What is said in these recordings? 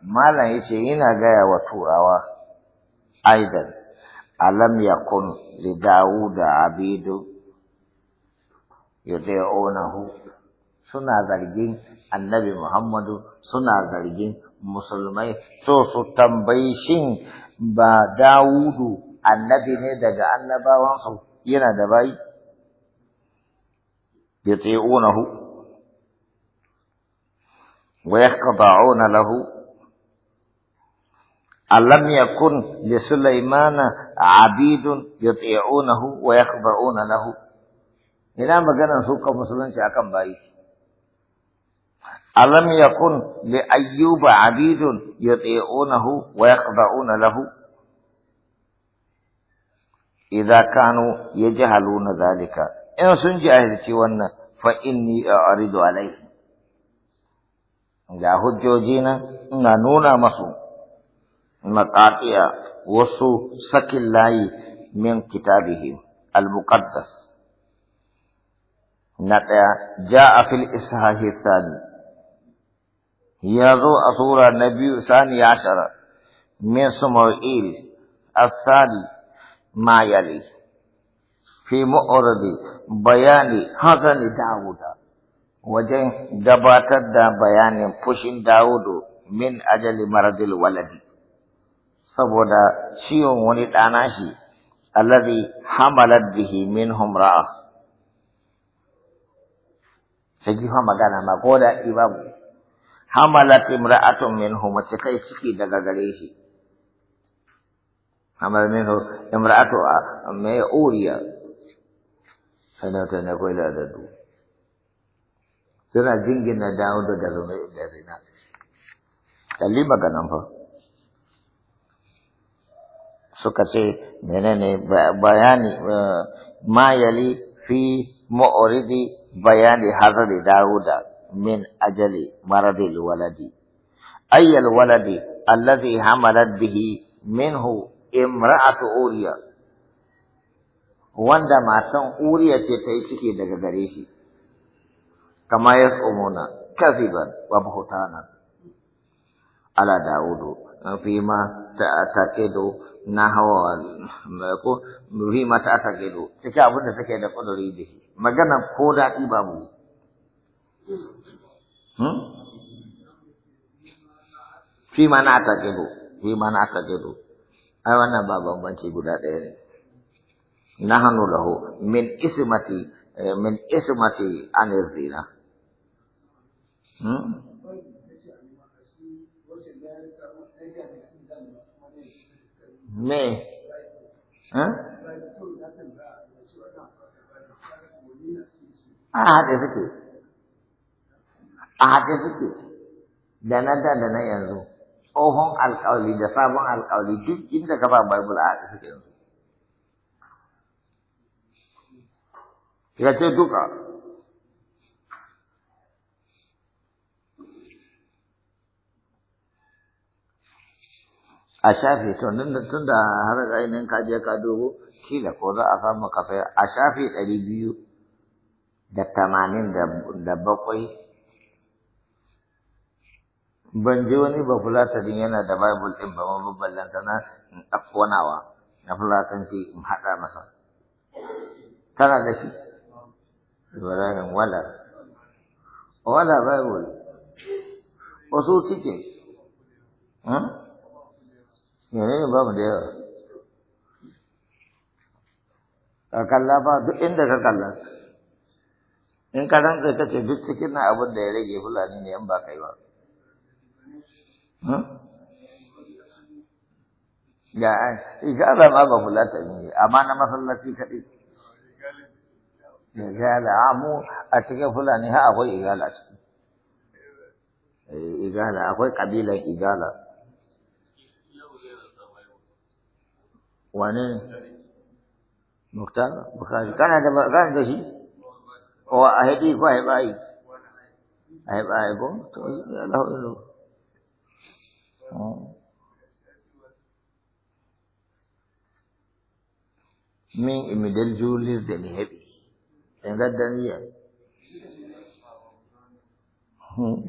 malam yace yana gaya wa turawa aidan alam yakun li dauda abidu hu? suna zargin annabi muhammadu suna zargin musulmai so su tambayi shin ba dawudu annabi ne daga su yana da bayi yuti'unahu wa yaqta'una lahu ألم يكن لسليمان عبيد يطيعونه ويخضعون له ina maganar su kan musulunci akan bayi alam yakun li ayyuba abidun yuti'unahu wa yakhda'una lahu idza kanu yajhaluna zalika in sun jahilci wannan fa inni a'ridu alayhi ga hujjoji na ina nuna masu maƙaƙiya wasu sakin layi min kitabihi al-muqaddas na ɗaya ja a fil isahi sani ya zo a sura na biyu sani ya shara min su mar'il asali ma yali fi mu'ordi bayani hazani dawuda wajen gabatar da bayanin fushin dawudu min ajali maradil waladi saboda ciwon wani ɗana shi alladhi hamalat bihi minhum ra'a sai fa magana ma ko da ibabu hamalat imra'atun minhum mace kai ciki daga gare shi hamal minhu imra'atu mai uriya sai na tana koyi da du suna jingina dawo da zama da rina kalli maganan fa suka ce menene bayani eh, ma yali fi mu'ridi bayani hazari da'uda min ajali maradil waladi ayyal waladi allazi hamalat bihi minhu imra'atu uriya wanda matan uriya ce ta yi ciki daga gare shi kama ya tsumuna kaziban wa buhutanan ala dawudu fi ma ta na hawa ko ruhi mata aka gido cikin abin da take da kuduri da shi magana ko daɗi babu na mana aka shi ma na aka gido ai wannan ba bambanci guda ɗaya ne nahanu lahu min ismati eh, min ismati anir hmm? me a haɗe suke a haɗe suke da na da da na yanzu tsohon alƙawli da sabon alƙawli duk inda ka ba Bible a haɗe suke yanzu. Ya ce duka a shafe to tun da har ainihin ka je ka dubo kila ko za a samu ka sai a shafe ɗari biyu da tamanin da bakwai ban ji wani ba din yana da bible ɗin ba maballanta na afwanawa na fulatanci in haɗa masa kana da shi ibrahim wala wala bible wasu suke hmm? menene eh, ba mu da yawa ka kalla ba duk inda ka kalla in ka rantsa ka ce duk cikin na abin da ya rage fulani ne yan ba kai ba hmm? ya igala ma ba fulata ne amma na masallaci kaɗai igala amu a cikin fulani ha akwai igala ciki eh, igala akwai ƙabilan igala wane ne muktar bukari kana da kana da shi o a haɗi ko a haɓa yi a haɓa yi ko to ya da hudu hmm. min imidal julir da mi haɓi ɗan gaddaniya hmm.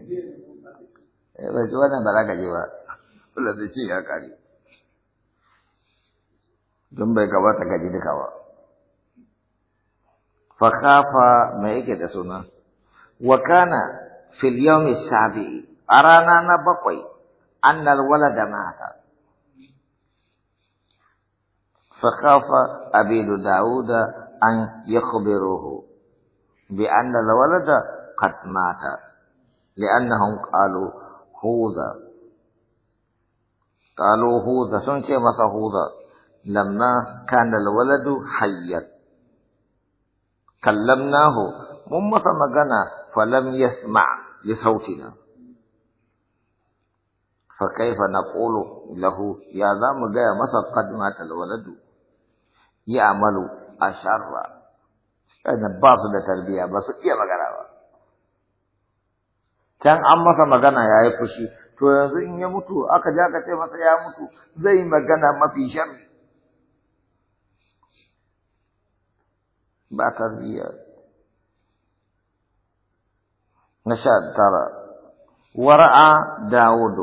eh, ba su wannan ba za ka je ba kula da ci ya kare don bai gabata gaji duka ba fakafa mai yake da suna wakana fil yawmi sabi'i a rana na bakwai annal walada mata فخاف أبي داود أن يخبروه بأن الولد قد مات لأنهم قالوا هوذا قالوا هوذا سنشي مسا هوذا لما كان الولد حيا كلمناه من مسا مغنى فلم يسمع لصوتنا فكيف نقول له يا ذا مغيا مسا قد مات الولد يعمل أشر أنا باص تربية بس إيه مغنى كان an masa يا يفشي yi fushi to yanzu in ya mutu aka ja ka ce masa ya mutu zai magana mafi sharri بأكادية نشاد ترى ورأى داود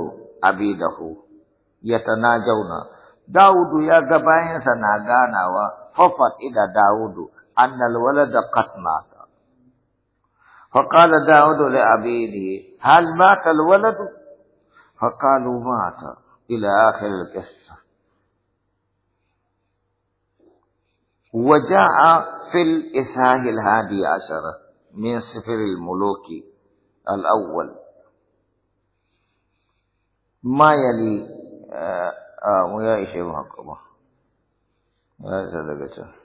عبيده يتناجون داود يا جبائن سناغانا وففت إلى داود أن الولد قد مات فقال داود لعبيده هل مات الولد فقالوا مات إلى آخر القصة وجاء في الإسهاه الهادي عشرة من سفر الملوك الأول ما يلي آه آه يا إشي محكمة هذا آه